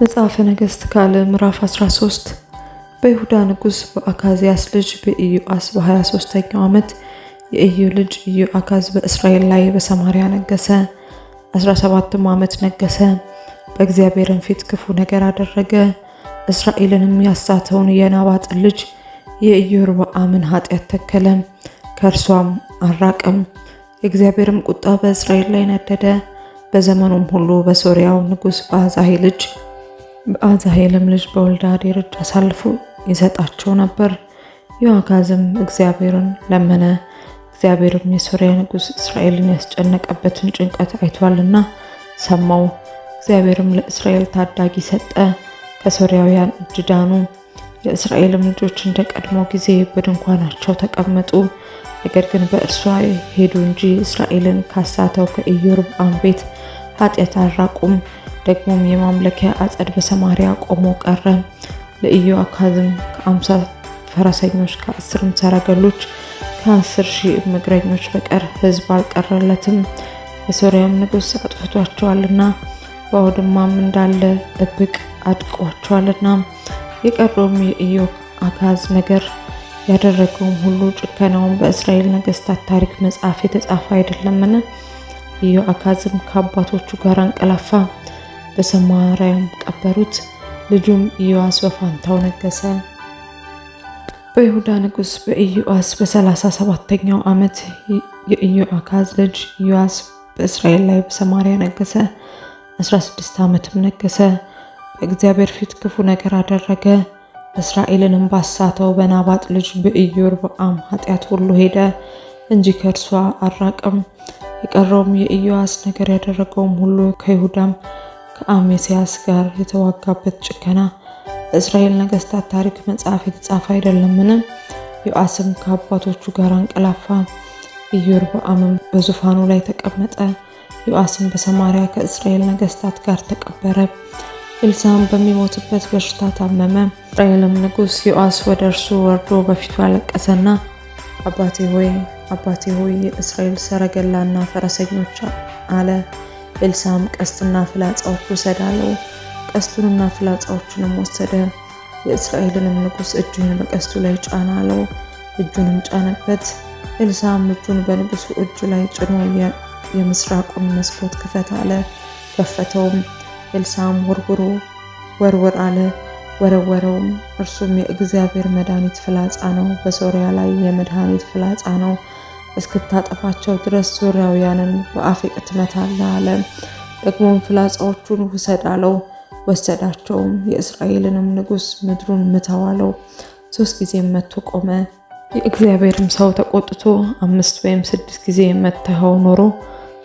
መጽሐፈ ነገሥት ካልዕ ምዕራፍ 13 በይሁዳ ንጉሥ በአካዝያስ ልጅ በኢዮአስ በ23ኛው ዓመት የኢዩ ልጅ ኢዮአካዝ በእስራኤል ላይ በሰማርያ ነገሰ። 17ም ዓመት ነገሰ። በእግዚአብሔርም ፊት ክፉ ነገር አደረገ። እስራኤልንም ያሳተውን የናባጥ ልጅ የኢዮርብዓምን ኃጢአት ተከለ፣ ከእርሷም አራቀም። የእግዚአብሔርም ቁጣ በእስራኤል ላይ ነደደ። በዘመኑም ሁሉ በሶርያው ንጉሥ በአዛሄ ልጅ በአዛሄልም ልጅ በወልዳድ እጅ አሳልፎ ይሰጣቸው ነበር። ዮአካዝም እግዚአብሔርን ለመነ። እግዚአብሔርም የሶርያ ንጉሥ እስራኤልን ያስጨነቀበትን ጭንቀት አይቷልና ሰማው። እግዚአብሔርም ለእስራኤል ታዳጊ ሰጠ፣ ከሶርያውያን እጅ ዳኑ። የእስራኤልም ልጆች እንደ ቀድሞ ጊዜ በድንኳናቸው ተቀመጡ። ነገር ግን በእርሷ ሄዱ እንጂ እስራኤልን ካሳተው ከኢዮርብዓም ቤት ኃጢአት አልራቁም። ደግሞም የማምለኪያ አጸድ በሰማሪያ ቆሞ ቀረ። አካዝም ከአምሳ ፈረሰኞች ከአስርም ሰረገሎች ከአስር ሺህ እግረኞች በቀር ህዝብ አልቀረለትም። የሶሪያም ንጉሥ አጥፍቷቸዋልና በአውድማም እንዳለ እብቅ አድቋቸዋልና። የቀረውም አካዝ ነገር ያደረገውም ሁሉ ጭከናውን በእስራኤል ነገስታት ታሪክ መጽሐፍ የተጻፈ አይደለምን? አካዝም ከአባቶቹ ጋር አንቀላፋ። በሰማርያም ቀበሩት። ልጁም ኢዮአስ በፋንታው ነገሰ። በይሁዳ ንጉሥ በኢዮአስ በሰላሳ ሰባተኛው ዓመት የኢዮአካዝ ልጅ ኢዮአስ በእስራኤል ላይ በሰማርያ ነገሰ። 16 ዓመትም ነገሰ። በእግዚአብሔር ፊት ክፉ ነገር አደረገ። እስራኤልንም ባሳተው በናባጥ ልጅ በኢዮርብዓም ኃጢአት ሁሉ ሄደ እንጂ ከእርሷ አራቅም። የቀረውም የኢዮአስ ነገር ያደረገውም ሁሉ ከይሁዳም ከአሜሲያስ ጋር የተዋጋበት ጭከና በእስራኤል ነገስታት ታሪክ መጽሐፍ የተጻፈ አይደለምን? ዮአስም ከአባቶቹ ጋር አንቀላፋ፣ ኢዮርብዓምም በዙፋኑ ላይ ተቀመጠ። ዮአስም በሰማሪያ ከእስራኤል ነገስታት ጋር ተቀበረ። ኤልሳም በሚሞትበት በሽታ ታመመ። እስራኤልም ንጉስ ዮአስ ወደ እርሱ ወርዶ በፊቱ ያለቀሰና አባቴ ሆይ አባቴ ሆይ የእስራኤል ሰረገላና ፈረሰኞች አለ። ኤልሳም ቀስትና ፍላጻዎች ውሰድ አለው። ቀስቱንና ፍላጻዎቹንም ወሰደ። የእስራኤልንም ንጉሥ እጁን በቀስቱ ላይ ጫና አለው። እጁንም ጫነበት። ኤልሳም እጁን በንጉሱ እጁ ላይ ጭኖ የምስራቁን መስኮት ክፈት አለ። ከፈተውም። ኤልሳም ወርውሮ ወርውር አለ። ወረወረውም። እርሱም የእግዚአብሔር መድኃኒት ፍላጻ ነው፣ በሶርያ ላይ የመድኃኒት ፍላጻ ነው። እስክታጠፋቸው ድረስ ሶርያውያንን በአፌቅ ትመታለህ አለ። ደግሞም ፍላጻዎቹን ውሰድ አለው። ወሰዳቸውም። የእስራኤልንም ንጉሥ ምድሩን ምተዋለው አለው። ሶስት ጊዜም መቶ ቆመ። የእግዚአብሔርም ሰው ተቆጥቶ አምስት ወይም ስድስት ጊዜ መታኸው ኖሮ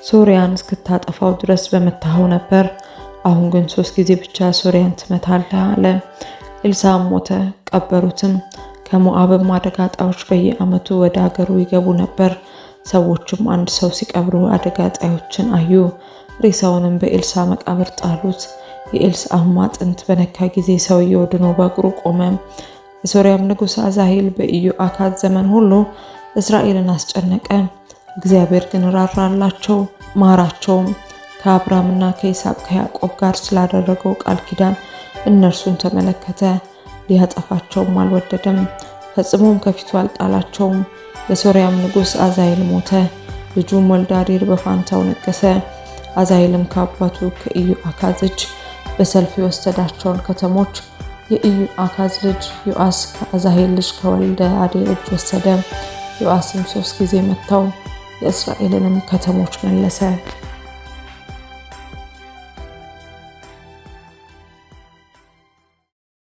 ሶርያን እስክታጠፋው ድረስ በመታኸው ነበር። አሁን ግን ሶስት ጊዜ ብቻ ሶርያን ትመታለህ አለ። ኤልሳም ሞተ፣ ቀበሩትም። ከሞዓብም አደጋ ጣዮች በየዓመቱ ወደ አገሩ ይገቡ ነበር። ሰዎችም አንድ ሰው ሲቀብሩ አደጋ ጣዮችን አዩ። ሬሳውንም በኤልሳ መቃብር ጣሉት። የኤልሳዕም አጥንት በነካ ጊዜ ሰውየው ድኖ በእግሩ ቆመ። የሶርያም ንጉሥ አዛሄል አካት ዘመን ሁሉ እስራኤልን አስጨነቀ። እግዚአብሔር ግን ራራላቸው፣ ማራቸውም። ከአብርሃምና ከይስሐቅ ከያዕቆብ ጋር ስላደረገው ቃል ኪዳን እነርሱን ተመለከተ። ሊያጠፋቸውም አልወደደም፣ ፈጽሞም ከፊቱ አልጣላቸውም። የሶርያም ንጉሥ አዛይል ሞተ፣ ልጁም ወልዳሪር በፋንታው ነገሰ። አዛይልም ከአባቱ ከኢዩ አካዝ እጅ በሰልፍ የወሰዳቸውን ከተሞች የኢዩ አካዝ ልጅ ዮአስ ከአዛሄል ልጅ ከወልደ አዴ እጅ ወሰደ። ዮአስም ሶስት ጊዜ መታው፣ የእስራኤልንም ከተሞች መለሰ።